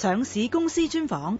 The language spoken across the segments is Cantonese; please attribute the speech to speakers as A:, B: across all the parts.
A: 上市公司專訪，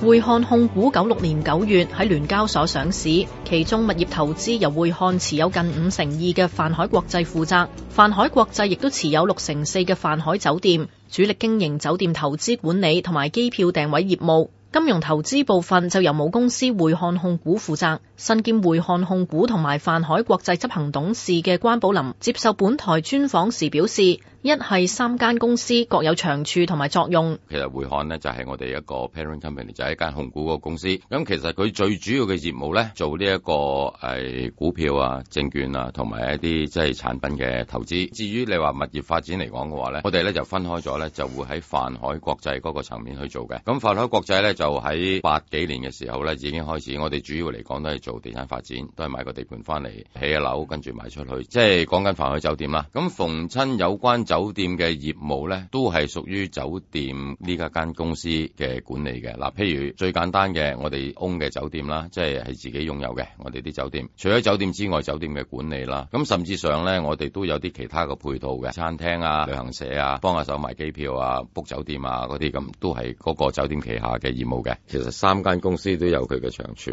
A: 匯漢控股九六年九月喺聯交所上市，其中物業投資由匯漢持有近五成二嘅泛海國際負責，泛海國際亦都持有六成四嘅泛海酒店，主力經營酒店投資管理同埋機票訂位業務。金融投資部分就由母公司匯漢控股負責。身兼匯漢控股同埋泛海國際執行董事嘅關堡林接受本台專訪時表示，一係三間公司，各有長處同埋作用。
B: 其實匯漢呢就係我哋一個 parent company，就係一間控股個公司。咁其實佢最主要嘅業務呢，做呢一個誒股票啊、證券啊，同埋一啲即係產品嘅投資。至於你話物業發展嚟講嘅話呢，我哋咧就分開咗咧，就會喺泛海國際嗰個層面去做嘅。咁泛海國際咧就喺八幾年嘅時候呢，已經開始。我哋主要嚟講都係做地產發展，都係買個地盤翻嚟起下樓，跟住賣出去。即係講緊泛海酒店啊。咁逢親有關酒店嘅業務呢，都係屬於酒店呢家間公司嘅管理嘅。嗱，譬如最簡單嘅，我哋 own 嘅酒店啦，即係係自己擁有嘅我哋啲酒店。除咗酒店之外，酒店嘅管理啦，咁甚至上呢，我哋都有啲其他嘅配套嘅餐廳啊、旅行社啊，幫下手賣機票啊、book 酒店啊嗰啲咁，都係嗰個酒店旗下嘅業務。冇嘅，其實三間公司都有佢嘅長處，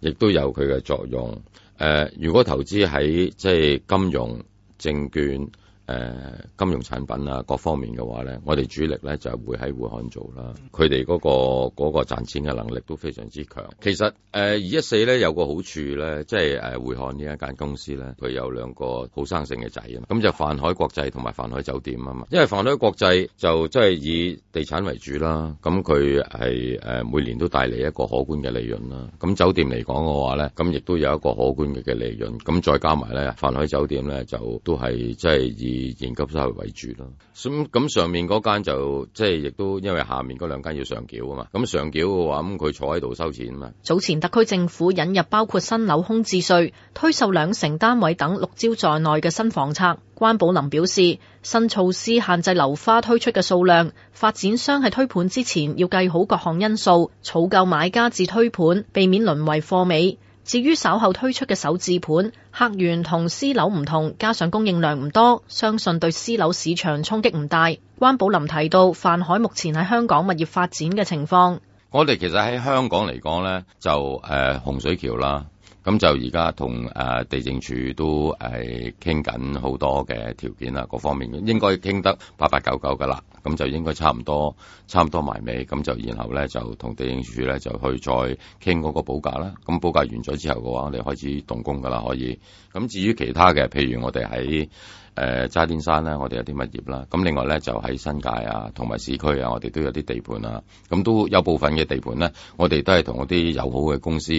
B: 亦都有佢嘅作用。誒、呃，如果投資喺即係金融證券。誒、呃，金融產品啊，各方面嘅話呢，我哋主力呢就係會喺匯漢做啦。佢哋嗰個嗰、嗰個賺錢嘅能力都非常之強。其實誒，二一四呢，有個好處呢，即係誒匯漢呢一間公司呢，佢有兩個好生性嘅仔啊。咁就泛海國際同埋泛海酒店啊嘛。因為泛海國際就即係以地產為主啦，咁佢係誒每年都帶嚟一個可觀嘅利潤啦。咁酒店嚟講嘅話呢，咁亦都有一個可觀嘅嘅利潤。咁再加埋呢，泛海酒店呢，就都係即係以應急收入為主咯，咁咁上面嗰間就即係亦都因為下面嗰兩間要上繳啊嘛，咁上繳嘅話咁佢坐喺度收錢啊嘛。
A: 早前特區政府引入包括新樓空置稅、推售兩成單位等六招在內嘅新房策，關堡林表示新措施限制樓花推出嘅數量，發展商喺推盤之前要計好各項因素，儲夠買家至推盤，避免淪為貨尾。至於稍後推出嘅首置盤，客源同私樓唔同，加上供應量唔多，相信對私樓市場衝擊唔大。關堡林提到泛海目前喺香港物業發展嘅情況，
B: 我哋其實喺香港嚟講咧，就誒、呃、洪水橋啦。咁就而家同誒地政署都係傾緊好多嘅條件啊，各方面應該傾得八八九九噶啦，咁就應該差唔多，差唔多埋尾，咁就然後咧就同地政署咧就去再傾嗰個補價啦。咁補價完咗之後嘅話，我哋開始動工噶啦，可以。咁至於其他嘅，譬如我哋喺誒渣甸山咧，我哋有啲物業啦。咁另外咧就喺新界啊，同埋市區啊，我哋都有啲地盤啦，啊。咁都有部分嘅地盤咧，我哋都係同嗰啲友好嘅公司。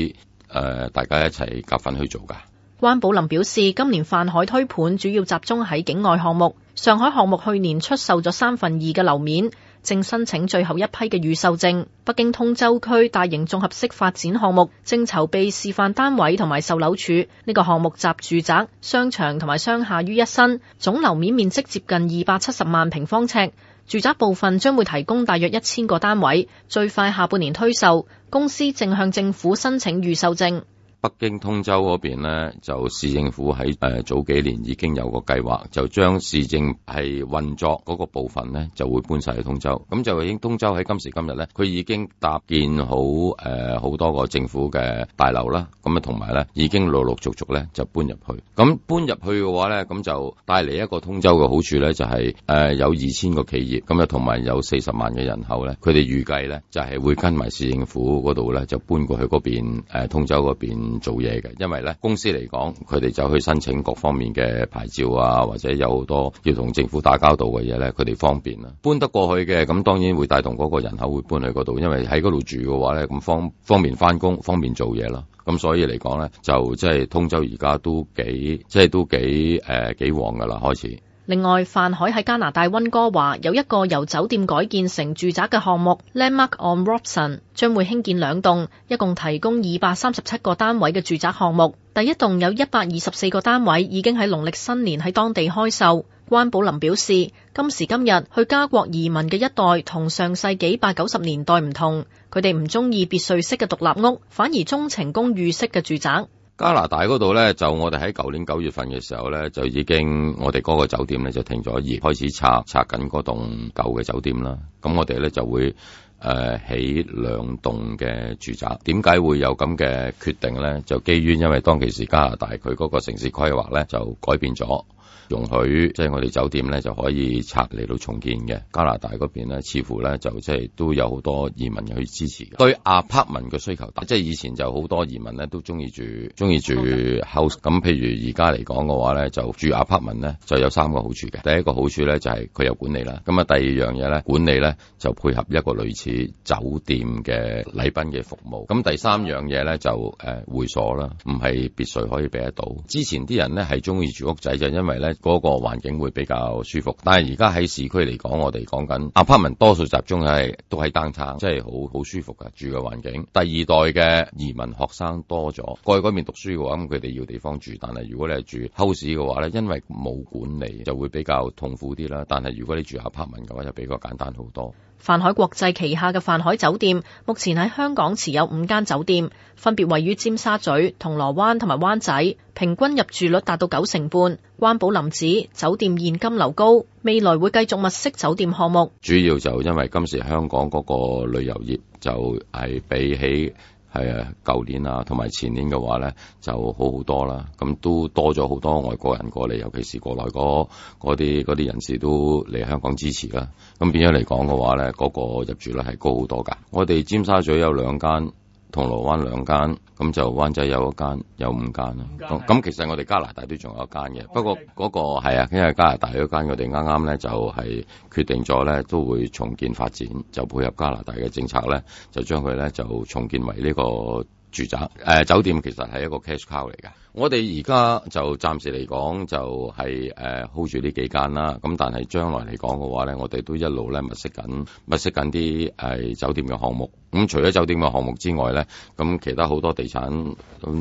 B: 誒、呃，大家一齊夾份去做噶。
A: 關堡林表示，今年泛海推盤主要集中喺境外項目，上海項目去年出售咗三分二嘅樓面，正申請最後一批嘅預售證。北京通州區大型綜合式發展項目正籌備示範單位同埋售樓處。呢個項目集住宅、商場同埋商廈於一身，總樓面面積接近二百七十萬平方尺。住宅部分將會提供大約一千個單位，最快下半年推售。公司正向政府申請預售證。
B: 北京通州嗰邊咧，就市政府喺誒、呃、早幾年已經有個計劃，就將市政系運作嗰個部分咧，就會搬晒去通州。咁就已經通州喺今時今日咧，佢已經搭建好誒好、呃、多個政府嘅大樓啦。咁啊同埋咧，已經陸陸續續咧就搬入去。咁、啊、搬入去嘅話咧，咁就帶嚟一個通州嘅好處咧，就係、是、誒、呃、有二千個企業，咁啊同埋有四十萬嘅人口咧，佢哋預計咧就係、是、會跟埋市政府嗰度咧就搬過去嗰邊誒通州嗰邊。做嘢嘅，因為咧公司嚟講，佢哋就去申請各方面嘅牌照啊，或者有好多要同政府打交道嘅嘢咧，佢哋方便啊。搬得過去嘅，咁當然會帶動嗰個人口會搬去嗰度，因為喺嗰度住嘅話咧，咁方方便翻工，方便做嘢咯。咁所以嚟講咧，就即係通州而家都幾，即係都幾誒、呃、幾旺噶啦，開始。
A: 另外，泛海喺加拿大温哥華有一個由酒店改建成住宅嘅項目，Landmark on Robson，將會興建兩棟，一共提供二百三十七個單位嘅住宅項目。第一棟有一百二十四個單位已經喺農曆新年喺當地開售。關堡林表示，今時今日去加國移民嘅一代同上世紀八九十年代唔同，佢哋唔中意別墅式嘅獨立屋，反而鐘情公寓式嘅住宅。
B: 加拿大嗰度咧，就我哋喺舊年九月份嘅時候咧，就已經我哋嗰個酒店咧就停咗業開始拆拆緊嗰棟舊嘅酒店啦。咁我哋咧就會誒、呃、起兩棟嘅住宅。點解會有咁嘅決定咧？就基於因為當其時加拿大佢嗰個城市規劃咧就改變咗。容許，即係我哋酒店咧就可以拆嚟到重建嘅。加拿大嗰邊咧似乎咧就即係都有好多移民去支持，對 apartment 嘅需求大，即係以前就好多移民咧都中意住中意住 house 咁。Okay. 譬如而家嚟講嘅話咧，就住 apartment 咧就有三個好處嘅。第一個好處咧就係佢有管理啦。咁啊，第二樣嘢咧管理咧就配合一個類似酒店嘅禮賓嘅服務。咁第三樣嘢咧就誒會所啦，唔係別墅可以俾得到。之前啲人咧係中意住屋仔就因為。咧嗰個環境會比較舒服，但係而家喺市區嚟講，我哋講緊 apartment 多數集中係都喺單層，即係好好舒服㗎住嘅環境。第二代嘅移民學生多咗，過去嗰邊讀書嘅話，咁佢哋要地方住。但係如果你係住 house 嘅話咧，因為冇管理，就會比較痛苦啲啦。但係如果你住 apartment 嘅話，就比較簡單好多。
A: 泛海國際旗下嘅泛海酒店，目前喺香港持有五間酒店，分別位於尖沙咀、銅鑼灣、同埋灣仔，平均入住率達到九成半。關堡林指酒店現金流高，未來會繼續物色酒店項
B: 目。主要就因為今時香港嗰個旅遊業就係比起。係啊，舊年啊，同埋前年嘅話咧，就好好多啦。咁都多咗好多外國人過嚟，尤其是國內嗰啲啲人士都嚟香港支持啦。咁變咗嚟講嘅話咧，嗰個入住率係高好多㗎。我哋尖沙咀有兩間。銅鑼灣兩間，咁就灣仔有一間，有五間啦。咁其實我哋加拿大都仲有一間嘅，Okay. 不過嗰個係啊，因為加拿大嗰間我哋啱啱咧就係決定咗咧，都會重建發展，就配合加拿大嘅政策咧，就將佢咧就重建為呢個。住宅誒、呃、酒店其實係一個 cash cow 嚟嘅，我哋而家就暫時嚟講就係誒 hold 住呢幾間啦，咁但係將來嚟講嘅話咧，我哋都一路咧物色緊物色緊啲誒酒店嘅項目，咁、嗯、除咗酒店嘅項目之外咧，咁其他好多地產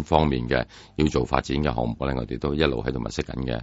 B: 方面嘅要做發展嘅項目咧，我哋都一路喺度物色緊嘅。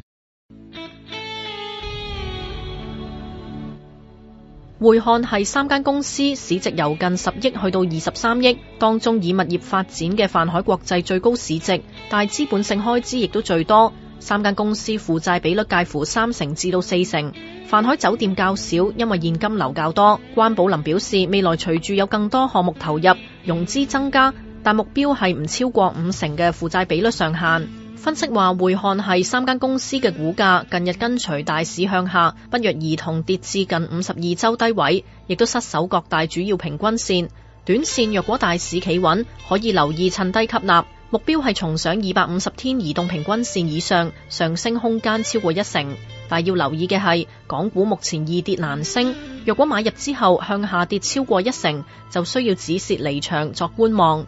A: 匯漢係三間公司市值由近十億去到二十三億，當中以物業發展嘅泛海國際最高市值，但係資本性開支亦都最多。三間公司負債比率介乎三成至到四成，泛海酒店較少，因為現金流較多。關堡林表示，未來隨住有更多項目投入，融資增加，但目標係唔超過五成嘅負債比率上限。分析話，匯漢係三間公司嘅股價近日跟隨大市向下，不約而同跌至近五十二周低位，亦都失守各大主要平均線。短線若果大市企穩，可以留意趁低吸納，目標係重上二百五十天移動平均線以上，上升空間超過一成。但要留意嘅係，港股目前易跌難升，若果買入之後向下跌超過一成，就需要止蝕離場作觀望。